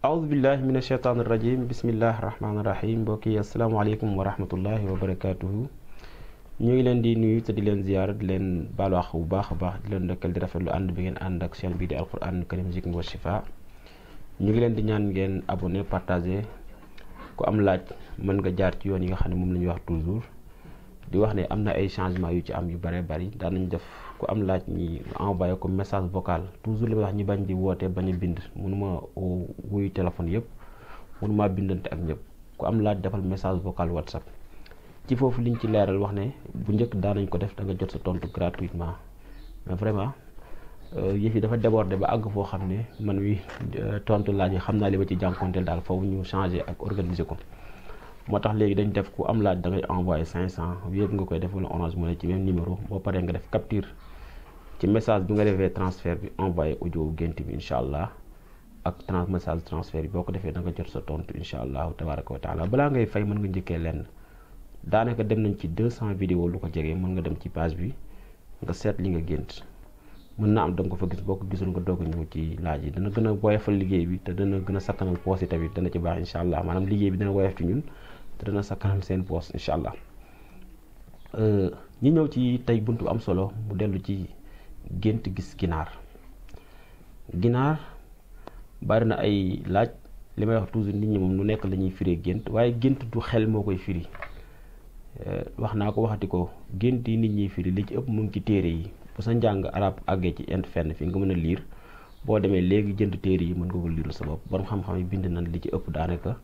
aoudubillahi min asheytaan irajim bisimillahi rahmaanirahim mbokki asalaamaaleykum wa rahmatullahi wa barakatuhu ñu ngi leen di nuyu te di leen ziyaara di leen baalu àq bu baax a baax di leen ndokkeel di rafetlu ànd bi ngeen ànd ak seen bi di alquran karim zik wa shifa ñu ngi leen di ñaan ngeen abonné partagé ku am laaj mën nga jaar ci yoon yi xam ne moom la ñuy wax toujours di wax ne am na ay changement yu ci am yu bëree bari daan nañ def ku am laaj ñi envoyé ko message vocal toujours li ma wax ñu bañ di wootee bañ a bind mënuma wuyu téléphone yëpp mënuma bindante ak ñëpp ku am laaj defal message vocal whatsapp ci foofu liñ ci leeral wax ne bu njëkk daan nañ ko def da nga jot sa tontu gratuitement mais vraiment euh, yëf yi dafa débordé ba àgg foo xam ne man wi euh, tontu laaj yi xam naa li ma ci jànkonteel daal foofu ñu changé ak organiser ko. moo tax léegi dañu def ku am laaj da ngay envoyé 500 yëpp nga koy def wala orange mu ne ci même numéro boo paree nga def capture ci message bi nga defee transfert bi envoyé audio gént bi incha allah ak trans message transfert bi boo ko defee da nga jot sa tontu incha allahu tabaraka wa taala balaa ngay fay mën nga njëkkee lenn daanaka dem nañ ci 200 vidéo lu ko jege mën nga dem ci page bi nga seet li nga gént mën na am da nga ko fa gis boo ko gisul nga doog ci laaj yi dana gën a woyofal liggéey bi te dana gën a sakkanal poos yi tamit dana ci baax incha allah maanaam liggéey bi dana woyof ci ñun te dana sa kanal seen poos incha allah euh, ñi ñëw ci tey bunt bu am solo mu dellu ci gént gis ginaar ginaar bari na ay laaj li may wax toujours nit ñi moom lu nekk lañuy ñuy gént waaye gént du xel moo koy firi euh, wax naa ko waxati ko gént yi nit ñiy firi li ci ëpp mu ngi ci téere yi bu sa njàng arab àggee ci ent fenn fii nga mën a liir boo demee léegi jënd téere yi mën nga ko liiral sa bopp borom xam-xam yi bind nañ li ci ëpp daanaka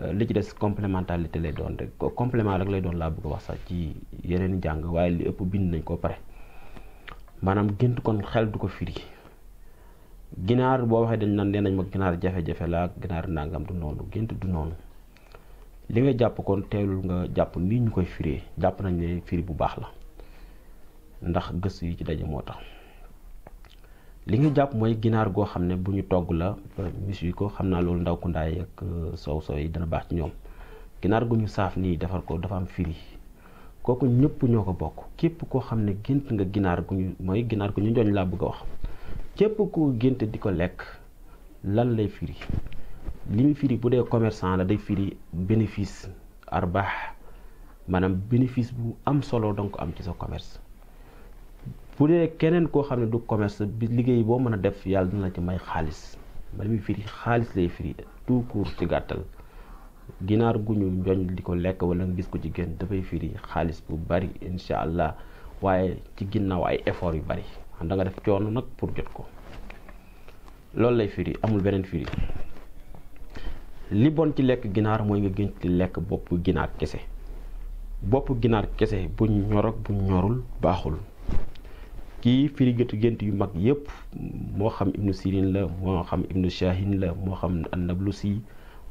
Euh, li ci des complémentarité lay doon rek complement rek lay doon laa bëgg a wax sax ci yeneen jàng waaye li ëpp bind nañ ko pare maanaam gént kon xel du ko firi ginaar boo waxee dañ naan nee nañ ma ginaar jafe-jafe la ak ginaar nangam du noonu gént du noonu li nga jàpp kon teelul nga jàpp nii ñu koy firee jàpp nañ ne firi bu baax la ndax gëstu yi ci daje moo tax li nga jàpp mooy ginaar goo xam ne bu ñu togg la mis yi ko xam naa loolu ndaw ku ndaay ak euh, soow soow yi dana baax ci ñoom ginaar gu ñu saaf nii defar ko dafa am firi kooku ñëpp ñoo ko bokk képp koo xam ne gént nga ginaar gu ñu mooy ginaar gu ñu njooñ laa bëgg a wax képp ko gént di ko lekk lan lay firi li muy firi bu dee commerçant la day firi bénéfice arbaax maanaam bénéfice bu am solo donc am ci sa commerce bu dee keneen koo xam ne du commerce bi liggéey boo mën a def yàlla dina la ci may xaalis ma muy firi xaalis lay firi tout court ci gàttal ginaar gu ñu njoñ di ko lekk wala nga gis ko jigéen génn dafay firi xaalis bu bari incha allah waaye ci ginnaaw ay effort yu bari xam da nga def coono nag pour jot ko loolu lay firi amul beneen firi li bon ci lekk ginaar mooy nga gën ci lekk bopp ginaar kese bopp ginaar kese bu ñor ak bu ñorul baaxul kii firi gëtu gént yu mag yëpp moo xam ibnu sirin la moo xam ibnu shahin la moo xam annablusi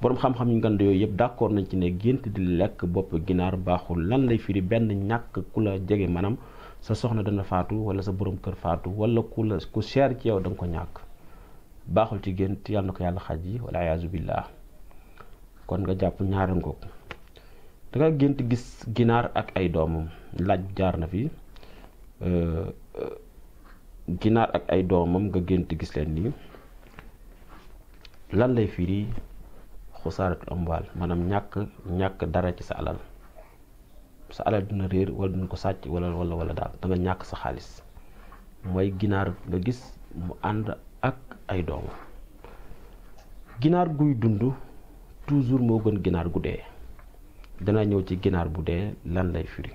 boroom xam-xam yu ngand yooyu yëpp d'accord nañ ci ne gént di lekk bopp ginaar baaxul lan lay firi benn ñàkk ku la jege maanaam sa soxna dana faatu wala sa boroom kër faatu wala ku la ku cher ci yow da ko ñàkk baaxul ci gént yàlla ko yàlla xaj yi wala ayaazu billah kon nga jàpp ñaari ngoog da nga gént gis ginaar ak ay doomam laaj jaar na fi euh, Euh, ginaar ak ay doomam nga gént gis leen nii lan lay firi xusaaratul amwaal maanaam ñàkk ñàkk dara ci sa alal sa alal dina réer wala dina ko sàcc wala wala wala daal da ñàkk sa xaalis mooy ginaar nga gis mu ànd ak ay doomam ginaar guy dund toujours moo gën ginaar gu dee dana ñëw ci ginaar bu dee lan lay firi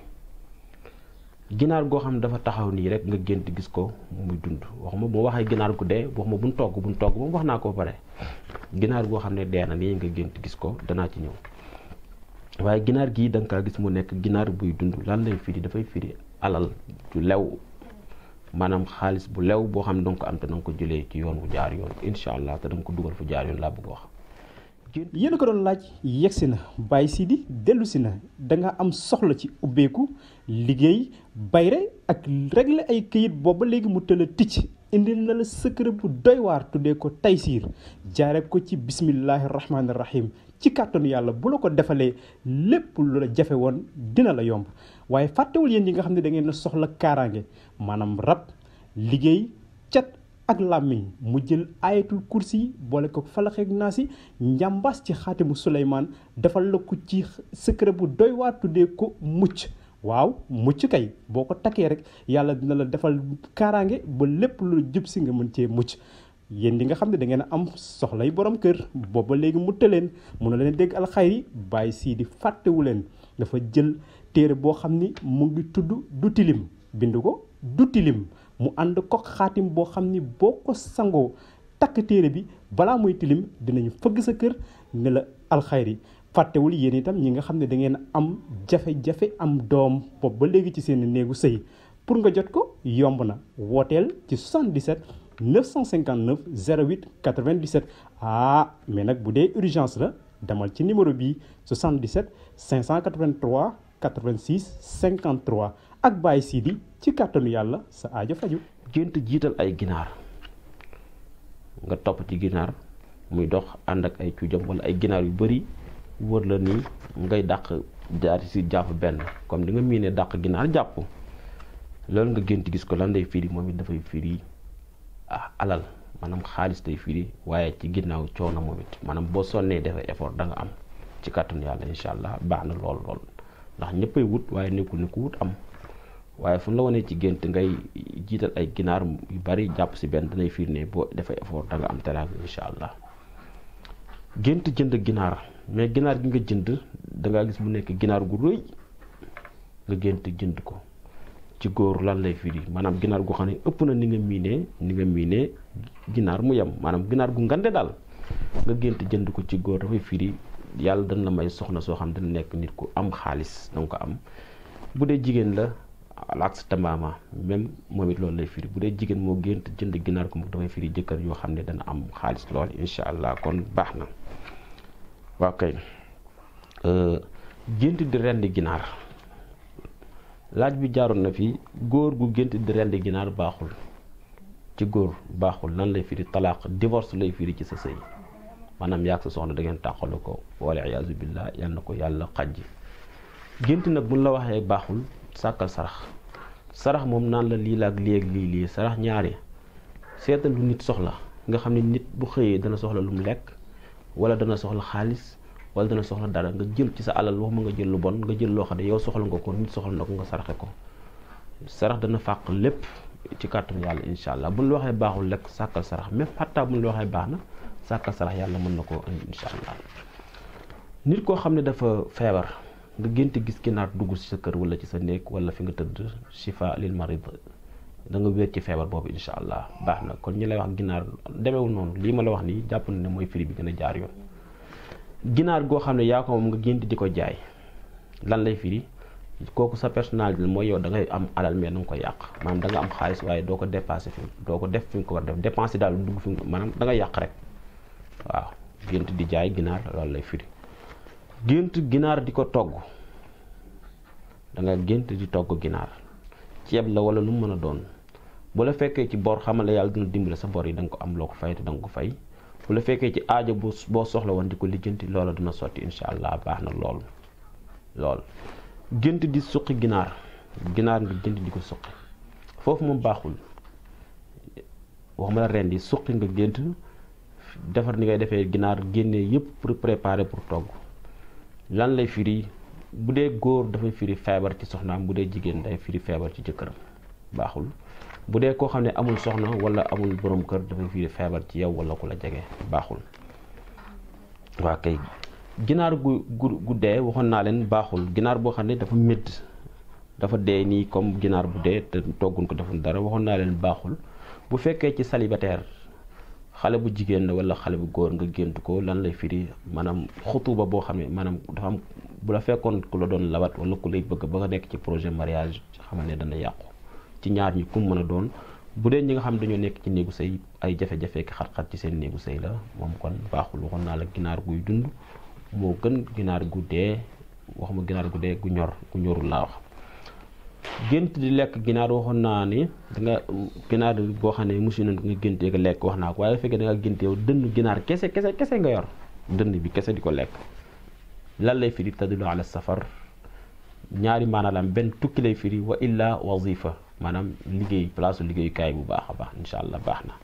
ginaar goo xam ne dafa taxaw nii rek nga gént gis ko muy dund waxuma bu ma waxee ginaar gu dee bu buñ togg buñ togg moom wax naa koo ba pare ginaar goo xam ne dee na nii nga gént gis ko danaa ci ñëw waaye ginaar gii danga ka gis mu nekk ginaar buy dund lan lay firi dafay fiir alal ju lew maanaam xaalis bu lew boo xam ne danga ko am te ci yoon bu jaar yoon incha allah te danga ko dugal fu jaar yoon laa bëgg wax Dieng. ko doon laaj yegsi na Baye Sidi dellu si na da nga am soxla ci ubbeeku liggéey bayre ak régler ay këyit booba léegi mu tëla ticc indil na la secret bu doy waar tuddee ko Taysiir jaare ko ci bismillahi rahmaani rahim ci kàttanu yàlla bu la ko defalee lépp lu la jafe woon dina la yomb waaye fàttewul yéen yi nga xam ne dangeen soxla kaaraange maanaam rab liggéey. ak làmmiñ mu jël ayatul kursi boole ko naa si njàmbaas ci xaatimu suleymaan defal la ko ci secret bu doy waa tuddee ko mucc waaw mucc kay boo ko takkee rek yàlla dina la defal kaaraange ba lépp lu jub si nga mën cee mucc yéen di nga xam ne da ngeen a am soxlay borom kër booba léegi mu leen mun na leen dégg alxayri bàyyi sii di fàttewu leen dafa jël téere boo xam ni mu ngi tudd du tilim bind ko du tilim mu ànd ko xaatim boo xam ni boo ko sangoo takk téere bi balaa muy tilim dinañu fëgg sa kër ne la alxayri fàttewul yéen itam ñi nga xam ne da ngeen am jafe-jafe am doom boobu ba léegi ci seen néegu sëy pour nga jot ko yomb na wooteel ci 77 959 08 97 ah mais nag bu dee urgence la demal ci numéro bii 77 583 86 53 ak sii Sidi ci kàttanu yàlla sa aajo faju gént jiital ay ginaar nga topp ci ginaar muy dox ànd ak ay cuujam wala ay ginaar yu bëri wër la nii ngay dàq jaar si jàpp benn comme di nga miinee dàq ginaar jàpp loolu nga gént gis ko lan day firi moom it dafay firi ah alal maanaam xaalis day firi waaye ci ginnaaw coono moom it maanaam boo sonnee defee effort danga am ci kàttanu yàlla incha allah baax na lool lool ndax ñëppay wut waaye nekkul ne waaye fu ñu la wonee ci gént ngay jiital ay ginaar yu bari jàpp si benn danay fiir ne boo defee effort da nga am teraanga incha allah gént jënd ginaar mais ginaar gi nga jënd da gis bu nekk ginaar gu rëy nga gént jënd ko ci góor lan lay firi maanaam ginaar gu xam ne ëpp na ni nga miinee ni nga miinee ginaar mu yem maanaam ginaar gu ngande daal nga gént jënd ko ci góor dafay firi yàlla dana la may soxna soo xam ne dana nekk nit ku am xaalis danga ko am bu dee jigéen la alax tamaama même moom it loolu lay firi bu dee jigéen moo gént jënd ginaar ko mu dafay firi jëkkër yoo xam ne dana am xaalis lool incha allah kon baax na waaw kay euh, gént di rend ginaar laaj bi jaaroon na fi góor gu gént di rend ginaar baaxul ci góor baaxul lan lay firi talaak divorce lay firi ci sa sëy maanaam yaag sa soxna da ngeen tàqalu ko wala iyaazu billah yal na ko yàlla xajji gént nag buñ la waxee baaxul sàkkal sarax sarax moom naan la lii la ak lii lii lii sarax ñaari seetal lu nit soxla nga xam ne nit bu xëyee dana soxla lu mu lekk wala dana soxla xaalis wala dana soxla dara nga jël ci sa alal wax ma nga jël lu bon nga jël loo xam ne yow soxla nga ko nit soxla na ko nga saraxe ko sarax dana fàq lépp ci kàttan yàlla incha allah buñ la waxee baaxul lekk sàkkal sarax même xattaa buñ la waxee baax na sàkkal sarax yàlla mën na ko indi incha nga génte gis ginaar dugg ci sa kër wala ci sa néeg wala fi nga tëdd shifa lil marid da nga wér ci feebar boobu incha allah baax na kon ñi lay wax ginaar demeewul noonu lii ma la wax nii jàpp na ne mooy firi bi gën a jaar yoon ginaar goo xam ne yaa ko moom nga gént di ko jaay lan lay firi kooku sa personnalité la mooy yow da ngay am alal mais da nga ko yàq maanaam da nga am xaalis waaye doo ko dépassé fi doo ko def fi nga ko war def dépense daal dugg fi maanaam da nga yàq rek waaw gént di jaay ginaar loolu lay firi gént ginaar di ko togg danga nga gént di togg ginaar ceeb la wala lu mu mën a doon bu la fekkee ci boor xamal la yàlla dina dimbale sa bor yi danga ko am loo ko fay te da nga ko fay bu la fekkee ci aajo bu boo soxla woon di ko lijjanti loola duna sotti incha allah baax na lool lool gént di suqi ginaar ginaar nga gént di ko suqi foofu moom baaxul waxuma la ren di suqi nga gént defar ni ngay defee ginaar génnee yépp pour préparer pour togg lan lay firi bu dee góor dafay firi feebar ci soxnaam bu dee jigéen day firi feebar ci jëkkëram baaxul bu dee koo xam ne amul soxna wala amul borom kër dafay firi feebar ci yow wala ko la jege baaxul waa kay ginaar gu gu gu dee waxoon naa leen baaxul ginaar boo xam ne dafa médd dafa dee nii comme ginaar bu dee te togguñ ko deful dara waxoon naa leen baaxul bu fekkee ci célibataire xale bu jigéen la wala xale bu góor nga gént ko lan lay firi maanaam xutuba boo xam ne maanaam dafa am bu la fekkoon ku la doon labat wala ku lay bëgg ba nga nekk ci projet mariage xamal ne dana yàqu ci ñaar ñi ku mën a doon bu dee ñi nga xam dañoo nekk ci néegu sëy ay jafe-jafe ki xat-xat ci seen néegu sëy la moom kon baaxul waxoon naa la ginaar guy dund moo gën ginaar gu dee waxuma ginaar gu dee gu ñor gu ñorul laa wax gént di lekk ginaar waxoon naa ni danga ginaar boo xam ne mosu nañ ko nga géntee ko lekk wax naa ko waaye fekkee da nga ginaar kese kese kese nga yor dënn bi kese di ko lekk lan lay firi tadulu ala safar ñaari maanaam benn tukki lay firi wa illa wazifa maanaam liggéey place liggéeyukaay bu baax a baax incha allah baax na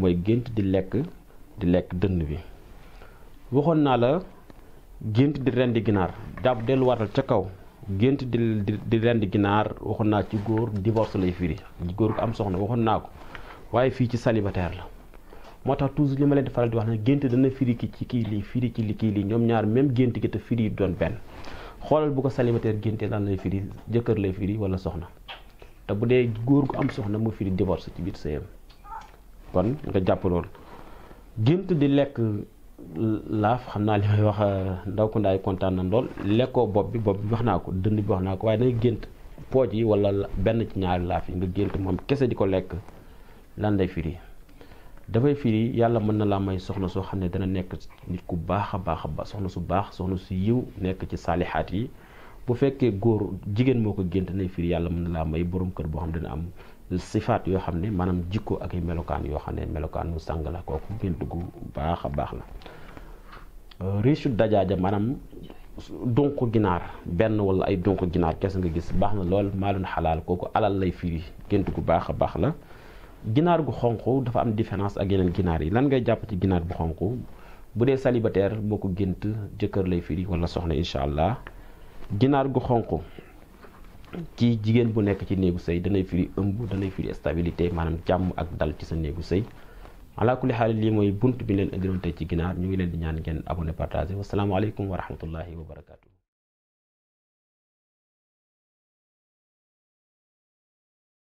mooy gént di lekk di lekk dënn bi waxoon naa la gént di rendi ginaar jàpp delluwaatal ca kaw gént di di rendi ginaar waxoon naa ci góor divorce lay firi góor gu am soxna waxoon naa ko waaye fii ci célibataire la moo tax toujours li ma leen di faral di wax ne gént dana firi ki ci kii lii firi ci li kii ñoom ñaar même gént gi te firi yi doon benn xoolal bu ko célibataire géntee lan lay firi jëkkër lay firi wala soxna te bu dee góor gu am soxna mu firi divorce ci biir sëyam kon nga jàpp loolu gént di lekk laaf xam naa li may wax euh, ndaw ko ndaay kontaan na lool lekkoo bopp bi bopp bi wax naa ko dënd bi wax naa ko waaye danga gént pooj yi wala benn ci ñaari laaf yi nga gént moom kese di ko lekk lan lay firi dafay firi yàlla mën na laa may soxna soo xam ne dana nekk nit ku baax a baax a baax soxna su baax soxna su yiw nekk ci saalixaat yi bu fekkee góor jigéen moo ko gént nay firi yàlla mën na laa may boroom kër boo xam dina am sifaat yoo xam ne maanaam jikko ak ay melokaan yoo xam ne melokaan melokaanu sang la kooku ngeen dugg baax a baax la euh, riisu dajaaja maanaam donk ginaar benn wala ay donk ginaar kese nga gis baax na lool maalun xalaal kooku alal lay firi gént dugg baax a baax la ginaar gu xonq dafa am différence ak yeneen ginaar yi lan ngay jàpp ci ginaar bu xonq bu dee célibataire boo ko gént jëkkër lay firi wala soxna incha allah ginaar gu xonq ci jigéen bu nekk ci néegu sëy danay firi ëmb danay firi stabilité maanaam jàmm ak dal ci sa néegu sëy ala kulli xaal lii mooy bunt bi leen indiloon tey ci ginaar ñu ngi leen di ñaan ngeen abonné partagé wasalaamaaleykum wa rahmatullahi wa barakatu